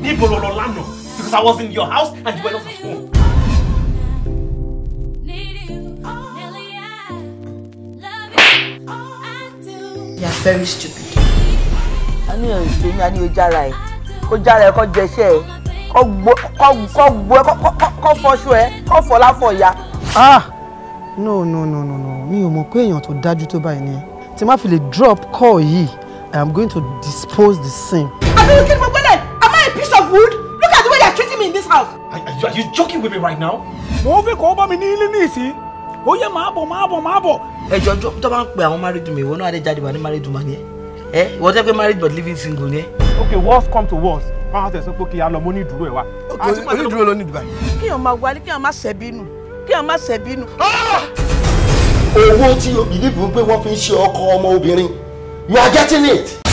Níbo lo Because I was in your house and you were not at home. are very stupid. I knew èrè ìṣe ní I knew o jára ẹ̀. Kó jára ẹ̀ kó jẹṣẹ́ ẹ̀. Kó gbó ẹ̀ kó fọṣọ ẹ̀ kó fọ ya. Ah! No no no no no Me, you, mọ̀ pé èèyàn tó dájú tó báyìí ni ẹ. Tí má drop call ye, I am going to dispose the same. Àbí kí ni food? Look at the way they are treating me in this house. Are, are, you, are you joking with me right now? Mo fẹ́ kọ́ bá mi ní ilé ní ìsín. Ó yẹ máa bọ̀ máa bọ̀ máa bọ̀. Ẹ̀jọ̀ tó bá ń pe àwọn married mi, ìwọ náà Adéjáde wà ní married man yẹn. Ẹ ìwọ tẹ́ pé married but living single yẹn. Okay, worst come to worst. Wọ́n á tẹ̀sán pé kí a lọ mọ́ ní ìdúró ẹ̀ wá. Onídùúró ló ní Dubai. Kí èèyàn máa wálé, kí èèyàn máa ṣẹ̀bínú, kí èèyàn máa ṣẹ̀bínú. Ah! Owó tí obìnrin gbé wọ́n fi ń ṣe ọkọ ọmọ obìnrin, you are getting it.